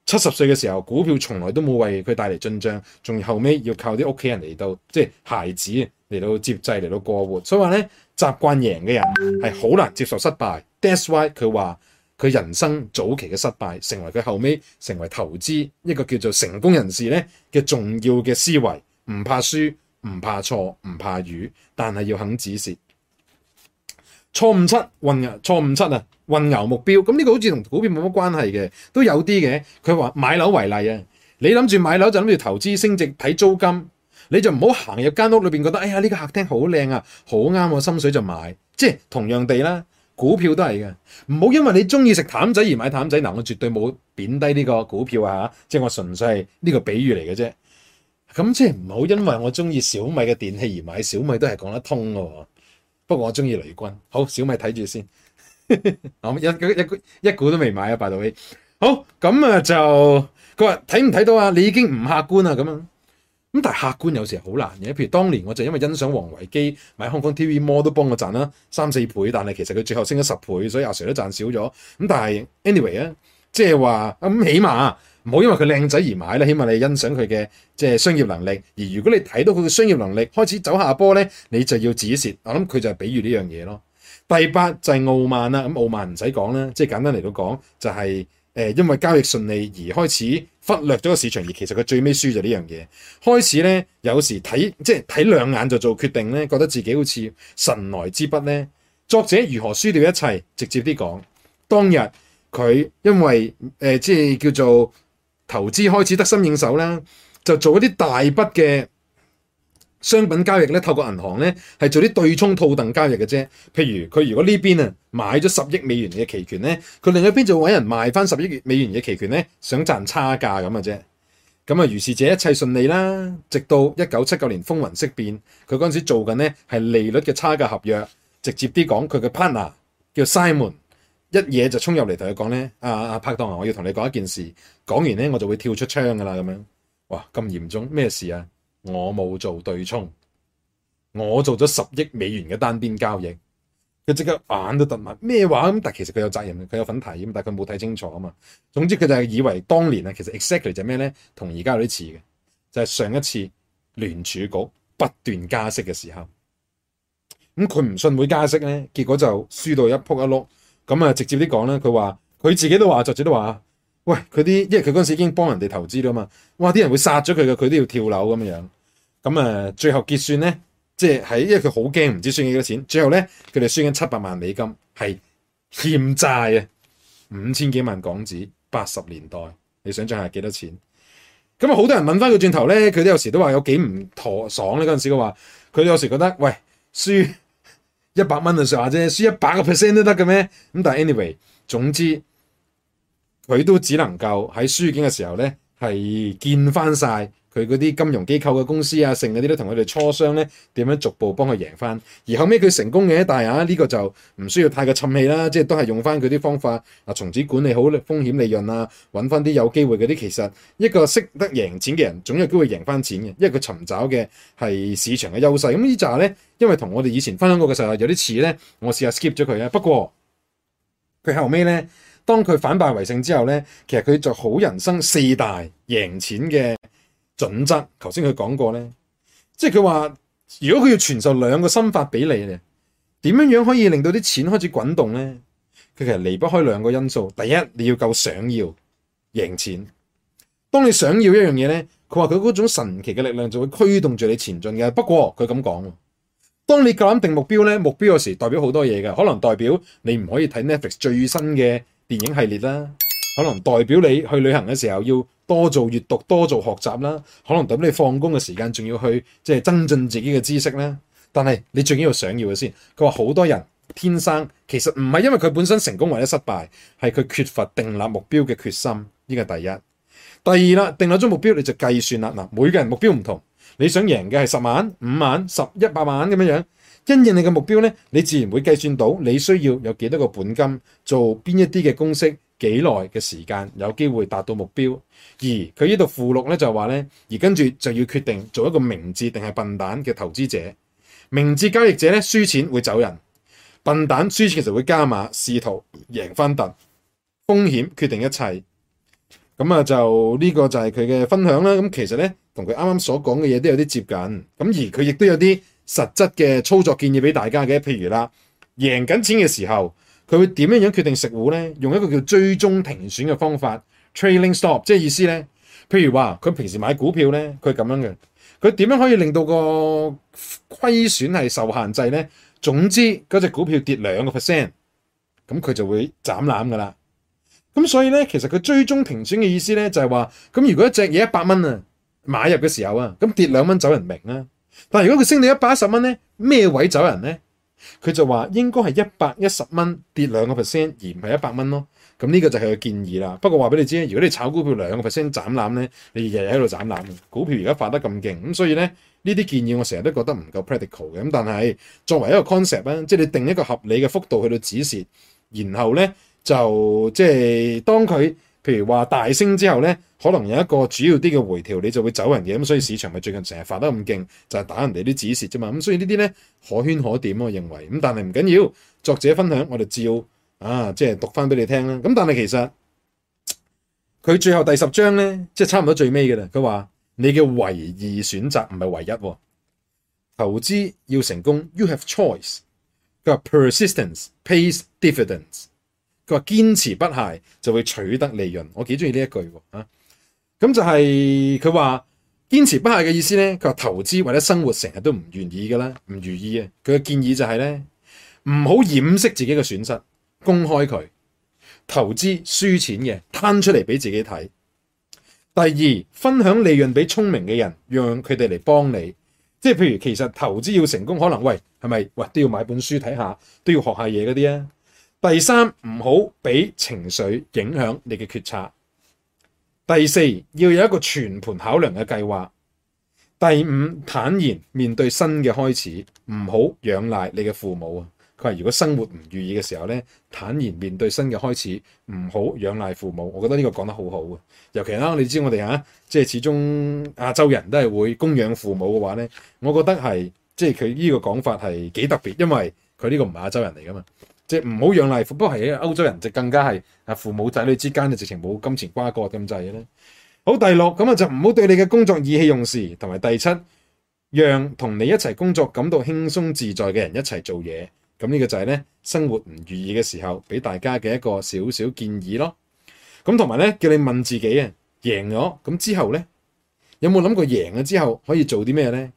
七十歲嘅時候，股票從來都冇為佢帶嚟進帳，仲後尾要靠啲屋企人嚟到，即係孩子嚟到接濟嚟到過活。所以話咧。習慣贏嘅人係好難接受失敗，That's why 佢話佢人生早期嘅失敗，成為佢後尾成為投資一個叫做成功人士呢嘅重要嘅思維，唔怕輸，唔怕錯，唔怕雨，但係要肯止蝕。錯誤七，混淆錯誤七啊，混淆目標。咁、嗯、呢個好似同股票冇乜關係嘅，都有啲嘅。佢話買樓為例啊，你諗住買樓就諗住投資升值，睇租金。你就唔好行入間屋裏邊，覺得哎呀呢個客廳好靚啊，好啱我心水就買。即係同樣地啦，股票都係嘅，唔好因為你中意食譚仔而買譚仔。嗱，我絕對冇貶低呢個股票啊，即係我純粹係呢個比喻嚟嘅啫。咁即係唔好因為我中意小米嘅電器而買小米，都係講得通嘅喎、啊。不過我中意雷軍，好小米睇住先， 一一一,一股都未買啊，拜讀你。好咁啊就，佢話睇唔睇到啊？你已經唔客觀啊。咁啊！咁但係客觀有時好難嘅，譬如當年我就因為欣賞王維基買香港 TV，More 都幫我賺啦三四倍，但係其實佢最後升咗十倍，所以阿 Sir 都賺少咗。咁但係 anyway 啊，即係話咁起碼唔好因為佢靚仔而買啦，起碼你欣賞佢嘅即係商業能力。而如果你睇到佢嘅商業能力開始走下坡咧，你就要止蝕。我諗佢就係比喻呢樣嘢咯。第八就係傲慢啦，咁、嗯、傲慢唔使講啦，即係簡單嚟到講就係、是、誒、呃，因為交易順利而開始。忽略咗個市場，而其實佢最尾輸咗呢樣嘢。開始呢，有時睇即係睇兩眼就做決定呢，覺得自己好似神來之筆呢。作者如何輸掉一切？直接啲講，當日佢因為誒、呃、即係叫做投資開始得心應手啦，就做一啲大筆嘅。商品交易咧，透過銀行咧，係做啲對沖套戥交易嘅啫。譬如佢如果邊呢邊啊買咗十億美元嘅期權咧，佢另一邊就揾人賣翻十億美元嘅期權咧，想賺差價咁嘅啫。咁啊，如是這一切順利啦。直到一九七九年風雲色變，佢嗰陣時做緊呢係利率嘅差價合約，直接啲講佢嘅 partner 叫 Simon，一嘢就衝入嚟同佢講咧：啊啊，拍檔啊，我要同你講一件事。講完咧，我就會跳出窗㗎啦，咁樣。哇，咁嚴重咩事啊？我冇做對沖，我做咗十億美元嘅單邊交易，佢即刻眼都突埋咩話咁？但係其實佢有責任佢有份提議，但係佢冇睇清楚啊嘛。總之佢就係以為當年啊，其實 exactly 就係咩咧，同而家有啲似嘅，就係、是、上一次聯儲局不斷加息嘅時候，咁佢唔信會加息咧，結果就輸到一仆一碌，咁、嗯、啊直接啲講啦，佢話佢自己都話，作者都話，喂佢啲，因為佢嗰陣時已經幫人哋投資咗嘛，哇啲人會殺咗佢嘅，佢都要跳樓咁樣樣。咁啊，最後結算咧，即係喺因為佢好驚唔知輸幾多錢，最後咧佢哋輸緊七百萬美金，係欠債啊，五千幾萬港紙，八十年代你想象下幾多錢？咁啊，好多人問翻佢轉頭咧，佢都有時都有時話有幾唔妥爽咧嗰陣時，佢話佢有時覺得喂，輸一百蚊嘅話啫，輸一百個 percent 都得嘅咩？咁但係 anyway，總之佢都只能夠喺輸緊嘅時候咧係見翻晒。」佢嗰啲金融機構嘅公司啊，剩嗰啲咧，同佢哋磋商咧，點樣逐步幫佢贏翻。而後尾，佢成功嘅，一大啊，呢個就唔需要太過沉氣啦，即係都係用翻佢啲方法啊，從此管理好風險、利潤啊，揾翻啲有機會嗰啲。其實一個識得贏錢嘅人，總有機會贏翻錢嘅。因為佢尋找嘅係市場嘅優勢。咁呢扎呢？因為同我哋以前分享過嘅時候有啲似呢，我試下 skip 咗佢啊。不過佢後尾呢，當佢反敗為勝之後呢，其實佢就好人生四大贏錢嘅。準則，頭先佢講過呢，即係佢話如果佢要傳授兩個心法俾你嘅，點樣樣可以令到啲錢開始滾動呢？佢其實離不開兩個因素，第一你要夠想要贏錢。當你想要一樣嘢呢，佢話佢嗰種神奇嘅力量就會驅動住你前進嘅。不過佢咁講，當你夠膽定目標呢，目標有時代表好多嘢嘅，可能代表你唔可以睇 Netflix 最新嘅電影系列啦。可能代表你去旅行嘅時候要多做閱讀、多做學習啦。可能等你放工嘅時間仲要去即係增進自己嘅知識啦。但係你最緊要想要嘅先，佢話好多人天生其實唔係因為佢本身成功或者失敗，係佢缺乏定立目標嘅決心。呢個第一。第二啦，定立咗目標你就計算啦。嗱，每個人目標唔同，你想贏嘅係十萬、五萬、十一百萬咁樣樣，因應你嘅目標呢，你自然會計算到你需要有幾多個本金做邊一啲嘅公式。幾耐嘅時間有機會達到目標，而佢呢度附錄咧就話呢，而跟住就要決定做一個明智定係笨蛋嘅投資者。明智交易者呢，輸錢會走人，笨蛋輸錢其實會加碼試圖贏翻突，風險決定一切。咁啊就呢個就係佢嘅分享啦。咁其實呢，同佢啱啱所講嘅嘢都有啲接近，咁而佢亦都有啲實質嘅操作建議俾大家嘅，譬如啦贏緊錢嘅時候。佢會點樣樣決定食糊咧？用一個叫追蹤停損嘅方法，trailing stop，即係意思咧。譬如話，佢平時買股票咧，佢係咁樣嘅。佢點樣可以令到、個虧損係受限制咧？總之嗰隻股票跌兩個 percent，咁佢就會斬攬噶啦。咁所以咧，其實佢追蹤停損嘅意思咧，就係、是、話，咁如果一隻嘢一百蚊啊買入嘅時候啊，咁跌兩蚊走人命啊。但係如果佢升到一百八十蚊咧，咩位走人咧？佢就話應該係一百一十蚊跌兩個 percent 而唔係一百蚊咯，咁、這、呢個就係佢建議啦。不過話俾你知，如果你炒股票兩個 percent 斬攬咧，你日日喺度斬攬，股票而家發得咁勁，咁所以咧呢啲建議我成日都覺得唔夠 practical 嘅。咁但係作為一個 concept 啊，即係你定一個合理嘅幅度去到止蝕，然後咧就即係當佢。譬如話大升之後呢，可能有一個主要啲嘅回調，你就會走人嘅咁，所以市場咪最近成日發得咁勁，就係、是、打人哋啲指示啫嘛。咁所以呢啲呢，可圈可點我認為。咁但係唔緊要緊，作者分享我哋照啊，即係讀翻俾你聽啦。咁但係其實佢最後第十章呢，即係差唔多最尾嘅啦。佢話你嘅唯二選擇唔係唯一，投資要成功，You have choice。佢話 Persistence pays dividends。佢話堅持不懈就會取得利潤，我幾中意呢一句喎啊！咁就係佢話堅持不懈嘅意思呢，佢話投資或者生活成日都唔願意㗎啦，唔如意啊！佢嘅建議就係呢：唔好掩飾自己嘅損失，公開佢投資輸錢嘅，攤出嚟俾自己睇。第二，分享利潤俾聰明嘅人，讓佢哋嚟幫你。即係譬如，其實投資要成功，可能喂係咪喂都要買本書睇下，都要學下嘢嗰啲啊。第三唔好俾情緒影響你嘅決策。第四要有一個全盤考量嘅計劃。第五坦然面對新嘅開始，唔好仰賴你嘅父母啊。佢話：如果生活唔如意嘅時候呢，坦然面對新嘅開始，唔好仰,仰賴父母。我覺得呢個講得好好啊。尤其啦，你知我哋吓即係始終亞洲人都係會供養父母嘅話呢，我覺得係即係佢呢個講法係幾特別，因為佢呢個唔係亞洲人嚟㗎嘛。即係唔好養賴富，不過係歐洲人就更加係啊，父母仔女之間就直情冇金錢瓜葛咁滯咧。好，第六咁啊就唔好對你嘅工作意氣用事，同埋第七，讓同你一齊工作感到輕鬆自在嘅人一齊做嘢。咁呢個就係咧，生活唔如意嘅時候俾大家嘅一個少少建議咯。咁同埋咧叫你問自己啊，贏咗咁之後咧，有冇諗過贏咗之後可以做啲咩咧？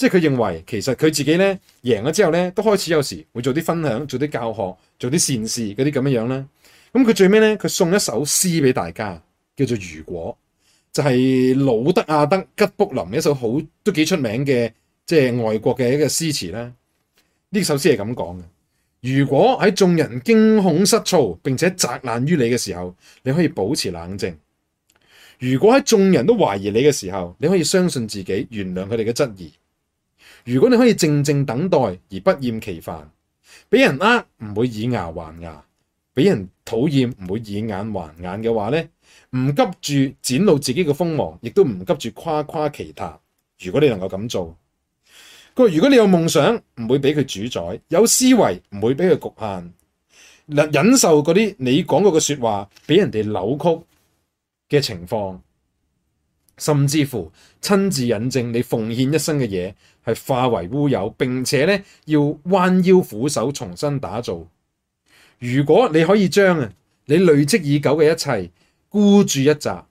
即係佢認為其實佢自己咧贏咗之後咧，都開始有時會做啲分享，做啲教學，做啲善事嗰啲咁樣樣咧。咁佢最尾咧，佢送一首詩俾大家，叫做《如果》，就係魯德亞德吉卜林一首好都幾出名嘅即係外國嘅一個詩詞啦。呢首詩係咁講嘅：如果喺眾人驚恐失措並且責難於你嘅時候，你可以保持冷靜；如果喺眾人都懷疑你嘅時候，你可以相信自己，原諒佢哋嘅質疑。如果你可以靜靜等待而不厭其煩，俾人呃唔會以牙還牙，俾人討厭唔會以眼還眼嘅話呢，唔急住展露自己嘅鋒芒，亦都唔急住誇誇其談。如果你能夠咁做，佢話，如果你有夢想唔會俾佢主宰，有思維唔會俾佢局限，忍受嗰啲你講過嘅說話俾人哋扭曲嘅情況。甚至乎親自引證你奉獻一生嘅嘢係化為烏有，並且咧，要彎腰俯首，重新打造。如果你可以將啊你累積已久嘅一切孤注一擲，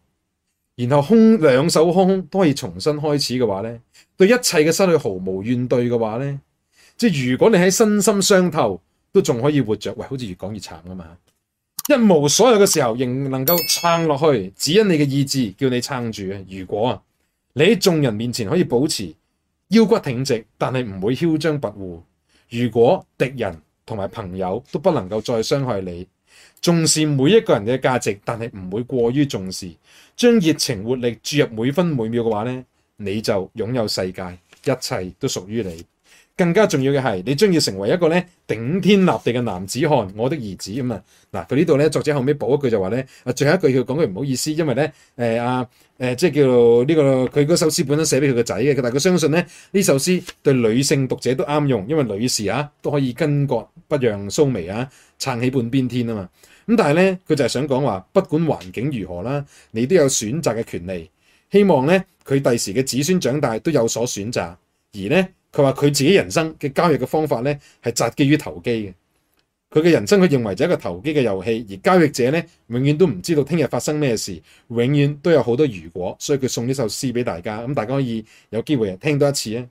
然後空兩手空空都可以重新開始嘅話咧，對一切嘅失去毫無怨懟嘅話咧，即係如果你喺身心傷透都仲可以活着，喂，好似越講越慘啊嘛～一無所有嘅時候仍能夠撐落去，只因你嘅意志叫你撐住啊！如果你喺眾人面前可以保持腰骨挺直，但係唔會囂張跋扈；如果敵人同埋朋友都不能夠再傷害你，重視每一個人嘅價值，但係唔會過於重視，將熱情活力注入每分每秒嘅話呢，你就擁有世界，一切都屬於你。更加重要嘅係，你將要成為一個咧頂天立地嘅男子漢，我的兒子咁啊！嗱，佢呢度咧，作者後尾補一句就話咧，最後一句佢講句唔好意思，因為咧，誒啊誒，即係叫呢個，佢嗰首詩本身寫俾佢個仔嘅，但係佢相信咧，呢首詩對女性讀者都啱用，因為女士啊都可以巾幗不讓鬚眉啊，撐起半邊天啊嘛。咁但係咧，佢就係想講話，不管環境如何啦，你都有選擇嘅權利。希望咧，佢第時嘅子孫長大都有所選擇，而咧。佢話：佢自己人生嘅交易嘅方法呢係集基於投機嘅。佢嘅人生，佢認為就係一個投機嘅遊戲。而交易者呢，永遠都唔知道聽日發生咩事，永遠都有好多如果，所以佢送呢首詩俾大家。咁大家可以有機會聽多一次咧。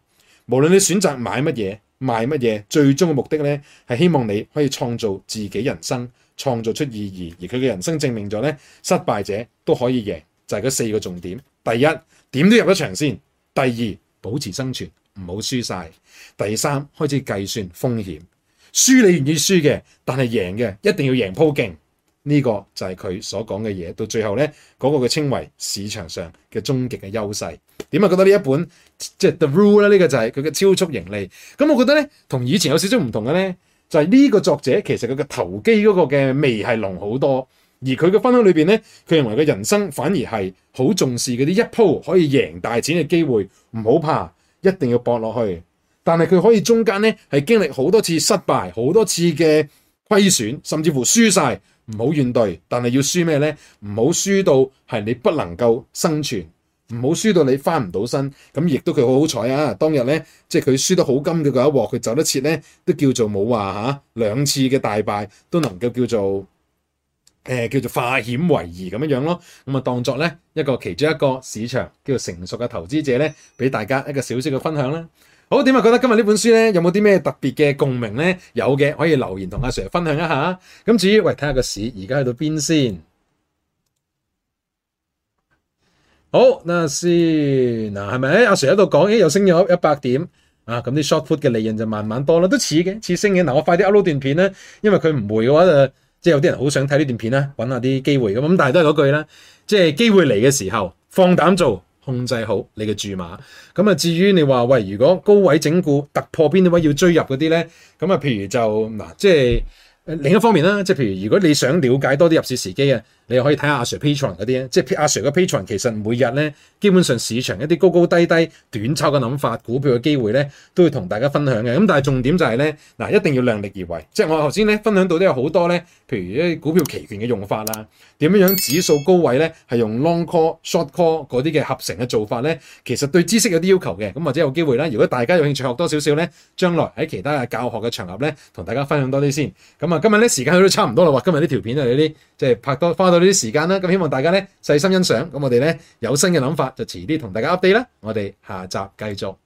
無論你選擇買乜嘢賣乜嘢，最終嘅目的呢係希望你可以創造自己人生，創造出意義。而佢嘅人生證明咗呢，失敗者都可以贏，就係嗰四個重點：第一點都入咗場先；第二，保持生存。唔好輸晒。第三，開始計算風險，輸你願意輸嘅，但係贏嘅一定要贏鋪勁。呢、這個就係佢所講嘅嘢。到最後呢，嗰、那個嘅稱為市場上嘅終極嘅優勢。點啊？覺得呢一本即係 The Rule 呢個就係佢嘅超速盈利。咁、嗯、我覺得呢，同以前有少少唔同嘅呢，就係、是、呢個作者其實佢嘅投機嗰個嘅味係濃好多。而佢嘅分享裏邊呢，佢認為佢人生反而係好重視嗰啲一鋪可以贏大錢嘅機會，唔好怕。一定要搏落去，但係佢可以中間呢係經歷好多次失敗，好多次嘅虧損，甚至乎輸晒。唔好怨對，但係要輸咩呢？唔好輸到係你不能夠生存，唔好輸到你翻唔到身。咁亦都佢好好彩啊！當日呢，即係佢輸得好金嘅嗰一鑊，佢走得切呢，都叫做冇話嚇兩、啊、次嘅大敗都能夠叫做。誒，叫做化險為夷咁樣樣咯，咁啊當作咧一個其中一個市場叫做成熟嘅投資者咧，俾大家一個少少嘅分享啦。好，點啊覺得今日呢本書咧有冇啲咩特別嘅共鳴咧？有嘅可以留言同阿 Sir 分享一下。咁至於喂，睇下個市而家去到邊先。好，嗱先，嗱係咪阿 Sir 喺度講？咦，又升咗一百點啊！咁啲 short put 嘅利潤就慢慢多啦，都似嘅，似升嘅。嗱、啊，我快啲 upload 段片啦，因為佢唔會嘅話就。即係有啲人好想睇呢段片啦，揾下啲機會咁，咁但係都係嗰句啦，即係機會嚟嘅時候放膽做，控制好你嘅注碼。咁啊，至於你話喂，如果高位整固突破邊啲位要追入嗰啲咧，咁啊，譬如就嗱，即係、呃、另一方面啦，即係譬如如果你想了解多啲入市時機嘅。你可以睇下阿 Sir Patreon 嗰啲咧，即係阿 Sir 個 Patreon 其實每日咧，基本上市場一啲高高低低、短炒嘅諗法、股票嘅機會咧，都會同大家分享嘅。咁但係重點就係咧，嗱一定要量力而為，即係我頭先咧分享到都有好多咧，譬如啲股票期權嘅用法啦，點樣樣指數高位咧係用 long call、short call 嗰啲嘅合成嘅做法咧，其實對知識有啲要求嘅。咁或者有機會咧，如果大家有興趣學多少少咧，將來喺其他嘅教學嘅場合咧，同大家分享多啲先。咁啊，今日咧時間去都差唔多啦，話今日呢條片啊，你啲即係拍多花多呢啲時間啦，咁希望大家呢細心欣賞，咁我哋呢有新嘅諗法就遲啲同大家 update 啦，我哋下集繼續。